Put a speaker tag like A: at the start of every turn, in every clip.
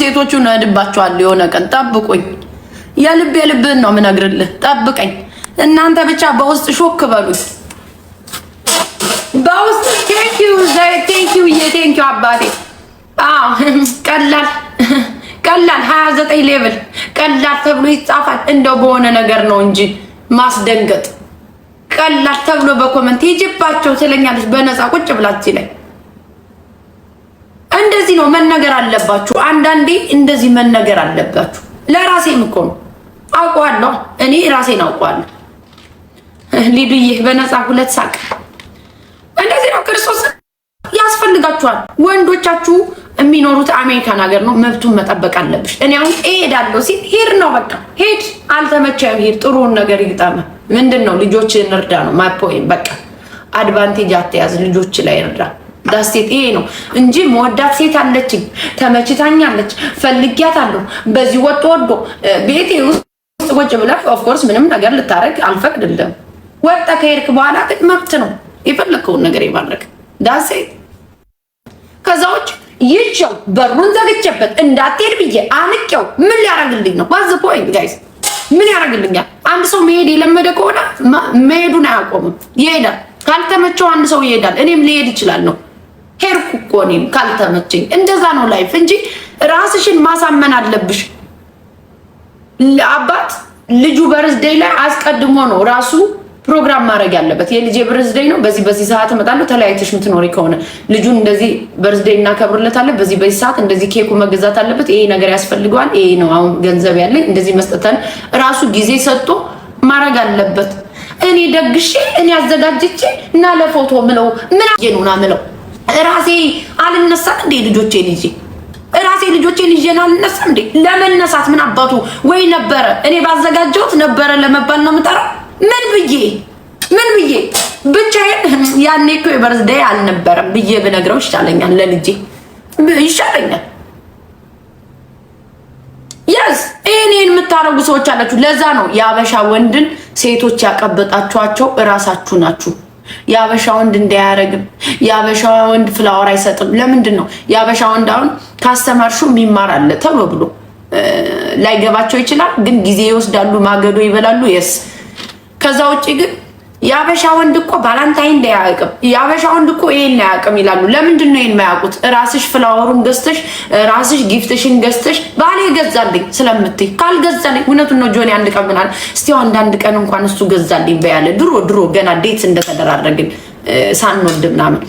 A: ሴቶቹ ነድባቸዋል። የሆነ ቀን ጠብቁኝ። የልብ የልብህን ነው ምነግርልህ። ጠብቀኝ። እናንተ ብቻ በውስጥ ሾክ በሉት በውስጥ ቴንኪዩ ቴንኪዩ ቴንኪዩ አባቴ። አዎ ቀላል ቀላል 29 ሌቭል ቀላል ተብሎ ይጻፋል። እንደው በሆነ ነገር ነው እንጂ ማስደንገጥ ቀላል ተብሎ በኮመንት ሂጅባቸው ትለኛለች። በነፃ ቁጭ ብላችሁ ላይ ለዚህ ነው መነገር አለባችሁ። አንዳንዴ እንደዚህ መነገር አለባችሁ። ለራሴም እኮ ነው አውቀዋለሁ። እኔ ራሴን አውቀዋለሁ። ሊዱዬ በነፃ ሁለት ሳቅ። እንደዚህ ነው ክርስቶስ ያስፈልጋችኋል። ወንዶቻችሁ የሚኖሩት አሜሪካን ሀገር ነው። መብቱን መጠበቅ አለብሽ። እኔ አሁን እሄዳለሁ ሲል ሂድ ነው በቃ ሄድ። አልተመቸም ሂድ፣ ጥሩውን ነገር ይግጠመ። ምንድን ነው ልጆችን እርዳ ነው ማፖይም። በቃ አድቫንቴጅ አትያዝ፣ ልጆች ላይ እርዳ። ዳሴት ይሄ ነው እንጂ መወዳት ሴት አለችኝ፣ ተመችታኛለች፣ ፈልጊያታለሁ። በዚህ ወጥ ወዶ ቤቴ ውስጥ ቁጭ ብላ ኦፍኮርስ ምንም ነገር ልታረግ አልፈቅድልም። ወጣ ከሄድክ በኋላ ግን መብት ነው የፈለግከውን ነገር የማድረግ ዳሴት ከዛ ውጭ ይዤው በሩን ዘግቼበት እንዳትሄድ ብዬ አንቄው ምን ሊያደርግልኝ ነው? ዋዝ ፖይንት ጋይስ ምን ያደርግልኛል? አንድ ሰው መሄድ የለመደ ከሆነ መሄዱን አያቆምም፣ ይሄዳል። ካልተመቸው አንድ ሰው ይሄዳል። እኔም ሊሄድ ይችላል ነው ሄድኩ እኮ እኔም ካልተመቸኝ እንደዛ ነው ላይፍ እንጂ ራስሽን ማሳመን አለብሽ። አባት ልጁ በርዝዴይ ላይ አስቀድሞ ነው ራሱ ፕሮግራም ማድረግ ያለበት። የልጄ በርዝዴይ ነው፣ በዚህ በዚህ ሰዓት እመጣለሁ። ተለያይተሽ ምትኖሪ ከሆነ ልጁን እንደዚህ በርዝዴይ እናከብርለታለን፣ በዚህ በዚህ ሰዓት እንደዚህ ኬኩ መገዛት አለበት፣ ይሄ ነገር ያስፈልገዋል፣ ይሄ ነው አሁን ገንዘብ ያለኝ፣ እንደዚህ መስጠተን ራሱ ጊዜ ሰጥቶ ማድረግ አለበት። እኔ ደግሼ እኔ አዘጋጅቼ እና ለፎቶ ምለው ምን ነው ምለው ራሴ አልነሳም እንዴ ልጆቼን ይዤ ራሴ ልጆቼን ይዤን አልነሳም እንዴ? ለመነሳት ምን አባቱ ወይ ነበረ እኔ ባዘጋጀሁት ነበረ ለመባል ነው የምጠራው። ምን ብዬ ምን ብዬ ብቻዬን ያኔ እኮ የበርዝዴ አልነበረም ብዬ ብነግረው ይሻለኛል፣ ለልጄ ይሻለኛል። የስ እኔን የምታደርጉ ሰዎች አላችሁ። ለዛ ነው የአበሻ ወንድን ሴቶች ያቀበጣችኋቸው እራሳችሁ ናችሁ። የአበሻ ወንድ እንዳያረግም የአበሻ ወንድ ፍላወር አይሰጥም። ለምንድን ነው የአበሻ ወንድ አሁን ካስተማርሹ የሚማር አለ ተብሎ ብሎ ላይገባቸው ይችላል፣ ግን ጊዜ ይወስዳሉ፣ ማገዶ ይበላሉ። የስ ከዛ ውጭ ግን የአበሻ ወንድ እኮ ባላንታይን ላይ አያውቅም። የአበሻ ወንድ እኮ ይሄን አያውቅም ይላሉ። ለምንድን ነው ይሄን የማያውቁት? ራስሽ ፍላወሩን ገዝተሽ ራስሽ ጊፍትሽን ገዝተሽ ባሌ ገዛልኝ ስለምትይ ካልገዛልኝ፣ እውነቱን ነው ጆኒ። አንድ ቀን ምናል እስቲ አንዳንድ ቀን እንኳን እሱ ገዛልኝ በያለ ድሮ ድሮ ገና ዴት እንደተደራረግን ሳንወድ ምናምን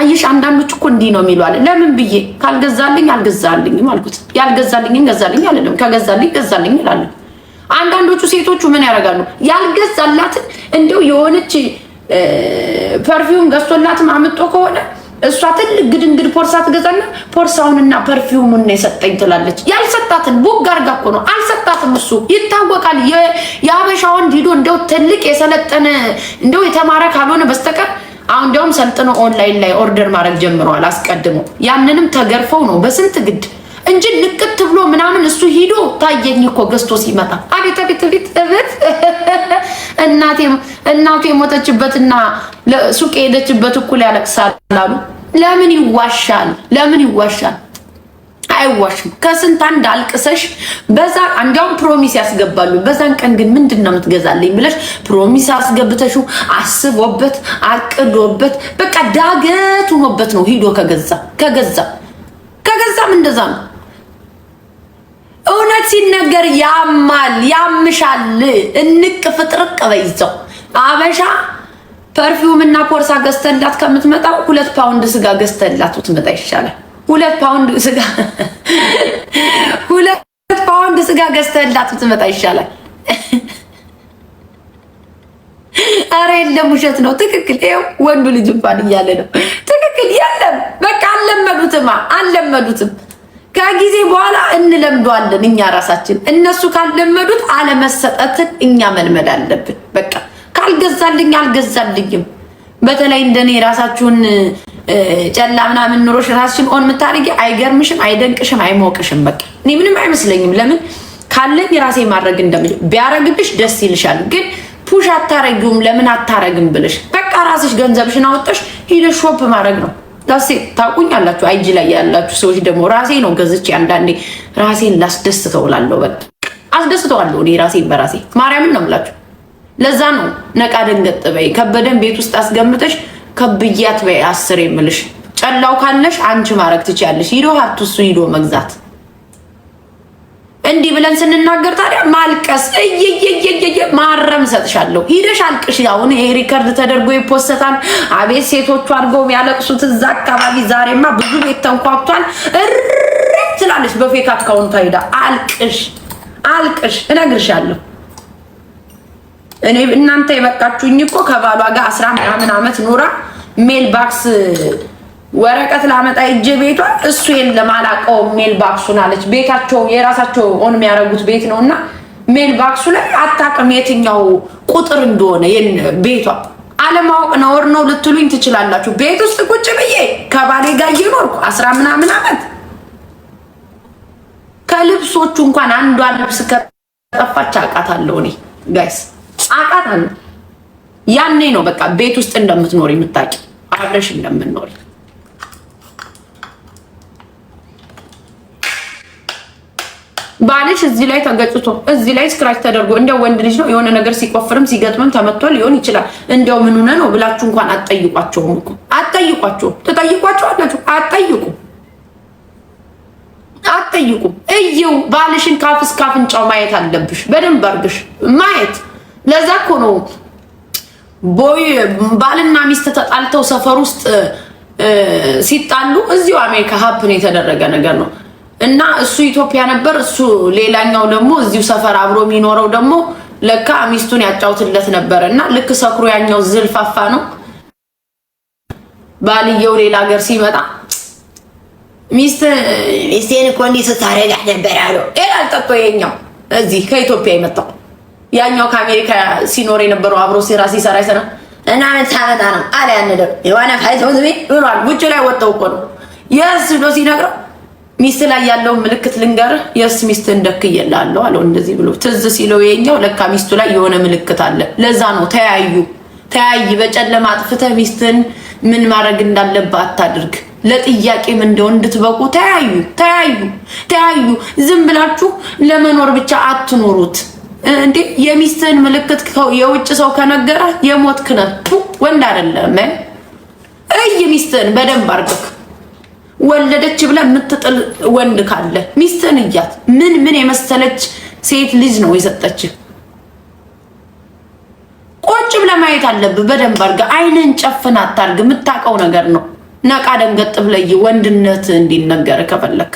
A: አየሽ አንዳንዶች እኮ እንዲህ ነው የሚሉ አለ። ለምን ብዬ ካልገዛልኝ አልገዛልኝም አልኩት። ያልገዛልኝ ገዛልኝ አልልም። ከገዛልኝ ገዛልኝ እላለሁ። አንዳንዶቹ ሴቶቹ ምን ያደርጋሉ? ያልገዛላትን እንደው የሆነች ፐርፊውም ገዝቶላትም አምጦ ከሆነ እሷ ትልቅ ግድንግድ ፖርሳ ትገዛና ፖርሳውንና ፐርፊውሙን የሰጠኝ ትላለች። ያልሰጣትን ቡግ አርጋ እኮ ነው አልሰጣትም። እሱ ይታወቃል። የአበሻ ወንድ ሂዶ እንደው ትልቅ የሰለጠነ እንደው የተማረ ካልሆነ በስተቀር አሁን እንዲያውም ሰልጥነው ኦንላይን ላይ ኦርደር ማድረግ ጀምረዋል። አስቀድሞ ያንንም ተገርፈው ነው በስንት ግድ እንጂ ንቅት ብሎ ምናምን እሱ ሂዶ ታየኝ እኮ ገዝቶ ሲመጣ አቤት አቤት አቤት እቤት እናቴ እናቱ የሞተችበትና ሱቅ የሄደችበት እኩል ያለቅሳል አሉ። ለምን ይዋሻል? ለምን ይዋሻል? አይዋሽም። ከስንት አንድ አልቅሰሽ በዛ እንዲያውም ፕሮሚስ ያስገባሉ። በዛን ቀን ግን ምንድን ነው የምትገዛልኝ ብለሽ ፕሮሚስ አስገብተሹ አስቦበት አቅዶበት በቃ ዳገት ሆኖበት ነው ሂዶ ከገዛ ከገዛ ከገዛም እንደዛ ነው። እውነት ሲነገር ያማል፣ ያምሻል። እንቅ ፍጥርቅ በይዘው አበሻ ፐርፊውም እና ፖርሳ ገዝተላት ከምትመጣው ሁለት ፓውንድ ስጋ ገዝተላት ትመጣ ይሻላል። ሁለት ፓውንድ ስጋ ሁለት ፓውንድ ስጋ ገዝተላት ትመጣ ይሻላል። አረ የለም ውሸት ነው። ትክክል ይኸው ወንዱ ልጅ እንኳን እያለ ነው። ትክክል የለም። በቃ አልለመዱትማ፣ አለመዱትም ከጊዜ በኋላ እንለምዷለን እኛ ራሳችን። እነሱ ካልለመዱት አለመሰጠትን እኛ መልመድ አለብን። በቃ ካልገዛልኝ አልገዛልኝም። በተለይ እንደኔ ራሳችሁን ጨላ ምናምን ኑሮሽ ራስሽን ኦን የምታደርጊ አይገርምሽም፣ አይደንቅሽም፣ አይሞቅሽም። በቃ እኔ ምንም አይመስለኝም። ለምን ካለኝ ራሴ ማድረግ እንደምል ቢያረግብሽ ደስ ይልሻል። ግን ፑሽ አታረጊውም። ለምን አታረግም ብልሽ በቃ ራስሽ ገንዘብሽን አወጣሽ ሂደሽ ሾፕ ማድረግ ነው። ዳሴ ታቁኝ አላችሁ። አይጂ ላይ ያላችሁ ሰዎች ደግሞ ራሴ ነው ገዝቼ አንዳንዴ ራሴን ላስደስተው እላለሁ። በቃ አስደስተዋለሁ እኔ ራሴን በራሴ ማርያምን ነው የምላችሁ። ለዛ ነው ነቃ ደንገጥ በይ ከበደን ቤት ውስጥ አስገምተሽ ከብያት በይ አስር የምልሽ ጨላው ካለሽ አንቺ ማረግ ትችያለሽ። ሂዶ ሀብቱ እሱ ሂዶ መግዛት እንዲህ ብለን ስንናገር ታዲያ ማልቀስ እየየየየየ ማረም ሰጥሻለሁ፣ ሂደሽ አልቅሽ። አሁን ይሄ ሪከርድ ተደርጎ ይፖሰታል። አቤት ሴቶቹ አድርገው የሚያለቅሱት እዛ አካባቢ። ዛሬማ ብዙ ቤት ተንኳኩቷል። እርር ትላለች በፌክ አካውንቷ ሄዳ አልቅሽ፣ አልቅሽ እነግርሻለሁ። እኔ እናንተ የበቃችሁኝ እኮ ከባሏ ጋር አስራ ምናምን ኖራ ኑራ ሜልባክስ ወረቀት ላመጣ እጄ ቤቷ እሱ የለም አላውቀውም። ሜል ባክሱን አለች። ቤታቸው የራሳቸው ኦን የሚያደርጉት ቤት ነው እና ሜል ባክሱ ላይ አታውቅም የትኛው ቁጥር እንደሆነ ቤቷ አለማወቅ ነውር ነው ልትሉኝ ትችላላችሁ። ቤት ውስጥ ቁጭ ብዬ ከባሌ ጋር እየኖርኩ አስራ ምናምን አመት ከልብሶቹ እንኳን አንዷን ልብስ ከጠፋች አውቃታለሁ እኔ ጋይስ አውቃታለሁ። ያኔ ነው በቃ ቤት ውስጥ እንደምትኖር የምታውቂ አብረሽ እንደምንኖር ባልሽ እዚህ ላይ ተገጭቶ እዚህ ላይ ስክራች ተደርጎ እንደ ወንድ ልጅ ነው የሆነ ነገር ሲቆፍርም ሲገጥምም ተመቶ ሊሆን ይችላል። እንደው ምን ሆነ ነው ብላችሁ እንኳን አትጠይቋቸውም እኮ አትጠይቋቸውም። ትጠይቋቸው አላችሁ አትጠይቁ አትጠይቁ። እይው ባልሽን ካፍ እስከ አፍንጫው ማየት አለብሽ በደንብ አርግሽ ማየት። ለዛ እኮ ነው ቦይ ባልና ሚስት ተጣልተው ሰፈር ውስጥ ሲጣሉ እዚሁ አሜሪካ ሀፕን የተደረገ ነገር ነው። እና እሱ ኢትዮጵያ ነበር። እሱ ሌላኛው ደግሞ እዚሁ ሰፈር አብሮ የሚኖረው ደግሞ ለካ ሚስቱን ያጫውትለት ነበር። እና ልክ ሰክሮ ያኛው ዝልፋፋ ነው ባልየው ሌላ ሀገር ሲመጣ ሚስት ሚስቴን እኮ እንዲህ ስታረጋት ነበር አሉ። አልጠጦ የኛው እዚህ ከኢትዮጵያ የመጣው ያኛው ከአሜሪካ ሲኖር የነበረው አብሮ ሴራ ሲሰራ ይሰራ እና ምን ታመጣ ነው አለ ያንደር የሆነ ፋይቶ ዝቤ ብሏል። ውጭ ላይ ወጣው እኮ ነው የስ ብሎ ሲነግረው ሚስት ላይ ያለውን ምልክት ልንገር የስ ሚስት እንደክየላለሁ አለው። እንደዚህ ብሎ ትዝ ሲለው የኛው ለካ ሚስቱ ላይ የሆነ ምልክት አለ። ለዛ ነው ተያዩ ተያይ። በጨለማ አጥፍተህ ሚስትን ምን ማድረግ እንዳለብህ አታድርግ። ለጥያቄም እንደው እንድትበቁ ተያዩ ተያዩ ተያዩ። ዝም ብላችሁ ለመኖር ብቻ አትኖሩት። እንዴ የሚስትህን ምልክት የውጭ ሰው ከነገረ የሞት ክነት ወንድ አይደለም። እይ ሚስትህን በደንብ አድርገህ ወለደች ብለ የምትጥል ወንድ ካለ ሚስትን እያት። ምን ምን የመሰለች ሴት ልጅ ነው የሰጠች። ቁጭ ብለ ማየት አለብህ በደንብ አድርገህ። አይንን ጨፍን አታርግ። የምታውቀው ነገር ነው። ነቃ ደንገጥ ብለይ ወንድነት እንዲነገር ከፈለክ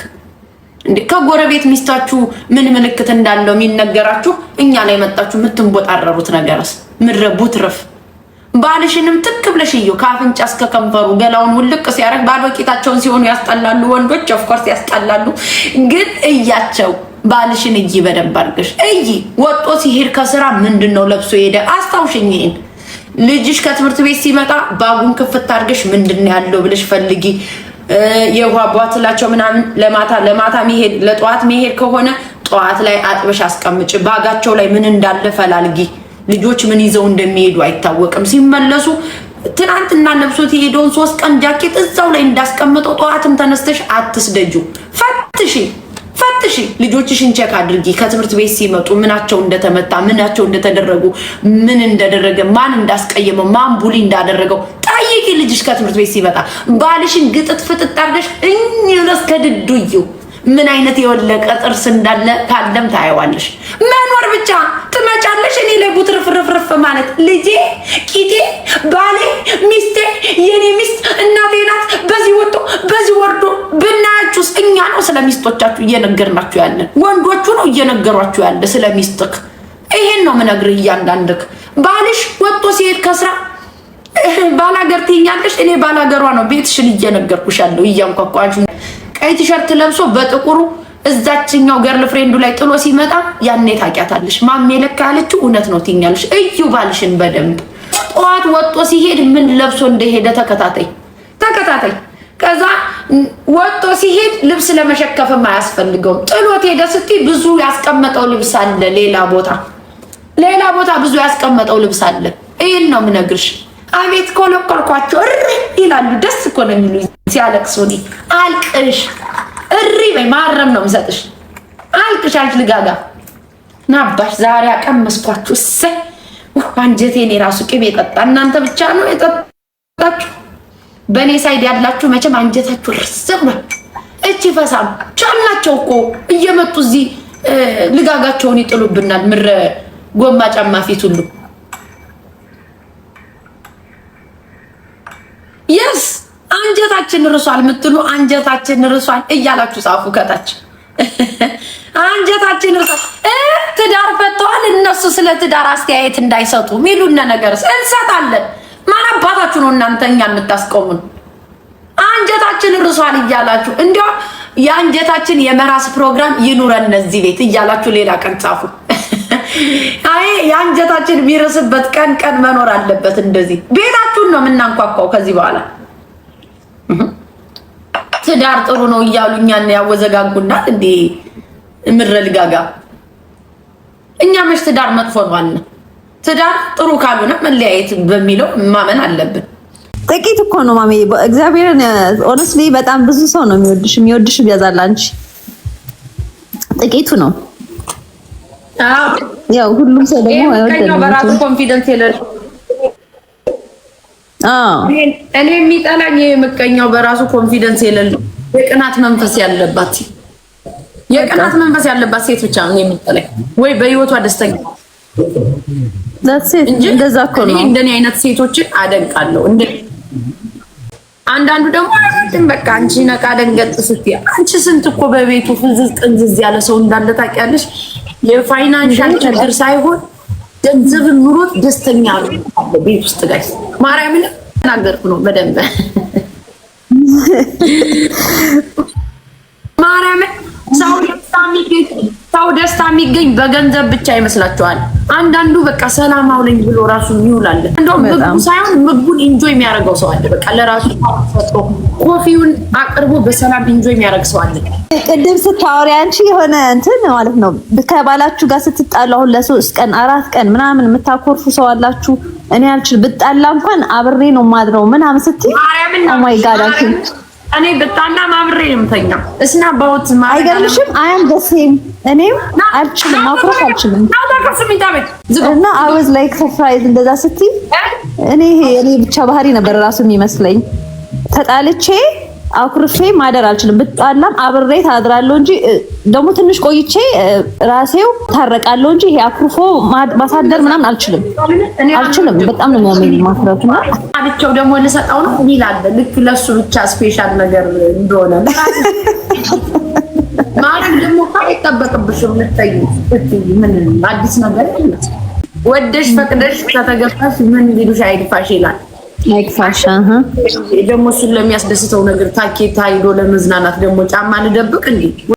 A: ከጎረቤት ሚስታችሁ ምን ምልክት እንዳለው የሚነገራችሁ እኛ ላይ መጣችሁ የምትንቦጣረሩት ነገርስ ምድረ ቡትርፍ ባልሽንም ትክ ብለሽ እዩ። ከአፍንጫ እስከ ከንፈሩ ገላውን ውልቅ ሲያደርግ ባዶ ሲሆኑ ያስጠላሉ። ወንዶች ኦፍኮርስ ያስጠላሉ፣ ግን እያቸው ባልሽን እይ፣ በደንብ አድርገሽ እይ። ወጦ ሲሄድ ከስራ ምንድን ነው ለብሶ ሄደ? አስታውሽኝ ልጅሽ ከትምህርት ቤት ሲመጣ ባጉን ክፍት አድርገሽ ምንድን ነው ያለው ብለሽ ፈልጊ። የውሃ ቧትላቸው ምናምን ለማታ ለማታ መሄድ ለጠዋት መሄድ ከሆነ ጠዋት ላይ አጥበሽ አስቀምጭ። ባጋቸው ላይ ምን እንዳለ ፈላልጊ። ልጆች ምን ይዘው እንደሚሄዱ አይታወቅም። ሲመለሱ ትናንትና ለብሶት የሄደውን ሶስት ቀን ጃኬት እዛው ላይ እንዳስቀምጠው ጠዋትም ተነስተሽ አትስደጁ። ፈትሺ ፈትሺ፣ ልጆችሽን ቼክ አድርጊ። ከትምህርት ቤት ሲመጡ ምናቸው እንደተመታ፣ ምናቸው እንደተደረጉ፣ ምን እንደደረገ፣ ማን እንዳስቀየመው፣ ማን ቡሊ እንዳደረገው ጠይቂ። ልጅሽ ከትምህርት ቤት ሲመጣ ባልሽን ግጥጥ ፍጥጥ አድርገሽ እኝ እስከ ምን አይነት የወለቀ ጥርስ እንዳለ ካለም ታየዋለሽ። መኖር ብቻ ትመጫለሽ። እኔ ላይ ቡትርፍርፍርፍ ማለት ልጄ፣ ቂጤ፣ ባሌ፣ ሚስቴ፣ የኔ ሚስት እናቴ ናት። በዚህ ወጥቶ በዚህ ወርዶ ብናያችሁስ? እኛ ነው ስለ ሚስቶቻችሁ እየነገርናችሁ ያለን፣ ወንዶቹ ነው እየነገሯችሁ ያለ ስለ ሚስትክ። ይሄን ነው ምነግርህ። እያንዳንድክ ባልሽ ወጥቶ ሲሄድ ከስራ ባላገር ትይኛለሽ። እኔ ባላገሯ ነው ቤትሽን እየነገርኩሽ ያለው እያንኳኳችሁ ቀይ ቲሸርት ለብሶ በጥቁሩ እዛችኛው ገርል ፍሬንዱ ላይ ጥሎ ሲመጣ ያኔ ታውቂያታለሽ። ማሜ ለካ ያለችው እውነት ነው ትኛለሽ። እዩ ባልሽን በደንብ ጠዋት ወጦ ሲሄድ ምን ለብሶ እንደሄደ ተከታተይ ተከታተይ። ከዛ ወጦ ሲሄድ ልብስ ለመሸከፍም አያስፈልገውም። ጥሎት ሄደ ስትይ ብዙ ያስቀመጠው ልብስ አለ ሌላ ቦታ ሌላ ቦታ ብዙ ያስቀመጠው ልብስ አለ። ይህን ነው ምነግርሽ። አቤት ኮለኮልኳቸው እሪ ይላሉ። ደስ እኮ ነው የሚሉ ሲያለቅሱ። እኔ አልቅሽ እሪ በይ ማረም ነው የምሰጥሽ። አልቅሽ አልች ልጋጋ ናባሽ ዛሬ አቀመስኳችሁ። እሰይ አንጀቴን የራሱ ቅቤ የጠጣ እናንተ ብቻ ነው የጠጣችሁ። በእኔ ሳይድ ያላችሁ መቼም አንጀታችሁ ርስ ነው። እቺ ፈሳም ቻላቸው እኮ እየመጡ እዚህ ልጋጋቸውን ይጥሉብናል። ምረ ጎማ ጫማ ፊት ሁሉ አንጀታችን ርሷል የምትሉ አንጀታችን ርሷል እያላችሁ ጻፉ ከታች። አንጀታችን ርሷል ትዳር ፈተዋል እነሱ ስለ ትዳር አስተያየት እንዳይሰጡ ሚሉነ ነገር እንሰጣለን። ማን አባታችሁ ነው እናንተ እኛ የምታስቆሙን? አንጀታችን ርሷል እያላችሁ እንዲያው የአንጀታችን የመራስ ፕሮግራም ይኑረን እነዚህ ቤት እያላችሁ ሌላ ቀን ጻፉ። አይ የአንጀታችን ቢርስበት ቀን ቀን መኖር አለበት። እንደዚህ ቤታችሁን ነው የምናንኳኳው ከዚህ በኋላ ትዳር ጥሩ ነው እያሉ እኛን ያወዘጋጉናል። እንዴ እምረልጋጋ እኛ መች ትዳር መጥፎ ነው አለ። ትዳር ጥሩ ካልሆነ መለያየት በሚለው ማመን አለብን።
B: ጥቂት እኮ ነው ማሜ፣ እግዚአብሔርን ኦነስትሊ፣ በጣም ብዙ ሰው ነው የሚወድሽ። የሚወድሽ ይበዛል፣ አንቺ ጥቂቱ ነው።
A: ያው ሁሉም ሰው ደግሞ አይወደድም። በራሱ ኮንፊደንስ የለሽም እኔ የሚጠላኝ የምቀኛው በራሱ ኮንፊደንስ የሌለው የቅናት መንፈስ ያለባት የቅናት መንፈስ ያለባት ሴት ብቻ ነው የምጠላኝ፣ ወይ በህይወቷ ደስተኛ እንጂ እንደዛ እኮ ነው። እንደኔ አይነት ሴቶችን አደንቃለሁ። እንደ አንዳንዱ ደግሞ አረጋግጥም በቃ አንቺ ነቃ ደንገጥ ስትይ፣ አንቺ ስንት እኮ በቤቱ ፍዝዝ ጥንዝዝ ያለ ሰው እንዳለ ታውቂያለሽ። የፋይናንሻል ችግር ሳይሆን ገንዘብ ኑሮት ደስተኛ ቤት ውስጥ ጋይስ ማርያምን ተናገርኩ ነው በደንብ ማርያምን ሰው ደስታ የሚገኝ በገንዘብ ብቻ ይመስላችኋል። አንዳንዱ በቃ ሰላም አውለኝ ብሎ ራሱ ይውላል። እንደውም ምግቡ ሳይሆን ምግቡን ኢንጆይ የሚያደርገው ሰው አለ። በቃ ለራሱ ሰጥቶ ኮፊውን አቅርቦ በሰላም ኢንጆይ የሚያደርግ ሰው አለ።
B: ቅድም ስታወሪ አንቺ የሆነ እንትን ማለት ነው ከባላችሁ ጋር ስትጣሉ አሁን ለሶስት ቀን አራት ቀን ምናምን የምታኮርፉ ሰው አላችሁ። እኔ አልችል ብጣላ እንኳን አብሬ ነው ማድረው ምናምን ስትይ
A: ማርያምን oh እኔ ብታና ማብሬ ነው የምተኛው። እስና ባውት
B: አይገርምሽም? አያም ደሴም እኔም አልችልም፣ ማፍረስ አልችልም። እና አይ አወዝ ላይክ ሰርፕራይዝ እንደዛ ስትይ እኔ እኔ ብቻ ባህሪ ነበር ራሱ የሚመስለኝ ተጣልቼ አኩርፌ ማደር አልችልም። ብጣላም አብሬ ታድራለሁ እንጂ ደግሞ ትንሽ ቆይቼ ራሴው ታረቃለሁ እንጂ ይሄ አኩርፎ ማሳደር ምናምን አልችልም አልችልም። በጣም ነው የሚያመኝ ማኩረቱ ነው
A: አልቸው ደግሞ ልሰጠው ነው ሚላለ ልክ ለሱ ብቻ ስፔሻል ነገር እንደሆነ ማድረግ ደግሞ አይጠበቅብሽም። ልትጠይ ምን አዲስ ነገር ወደሽ ፈቅደሽ ከተገባሽ ምን ሊሉሽ አይድፋሽ ይላል
B: ላይክ ፋሽን
A: ደግሞ እሱን ለሚያስደስተው ነገር ታኬታ ሂዶ ለመዝናናት ደግሞ ጫማ ልደብቅ እንዴ?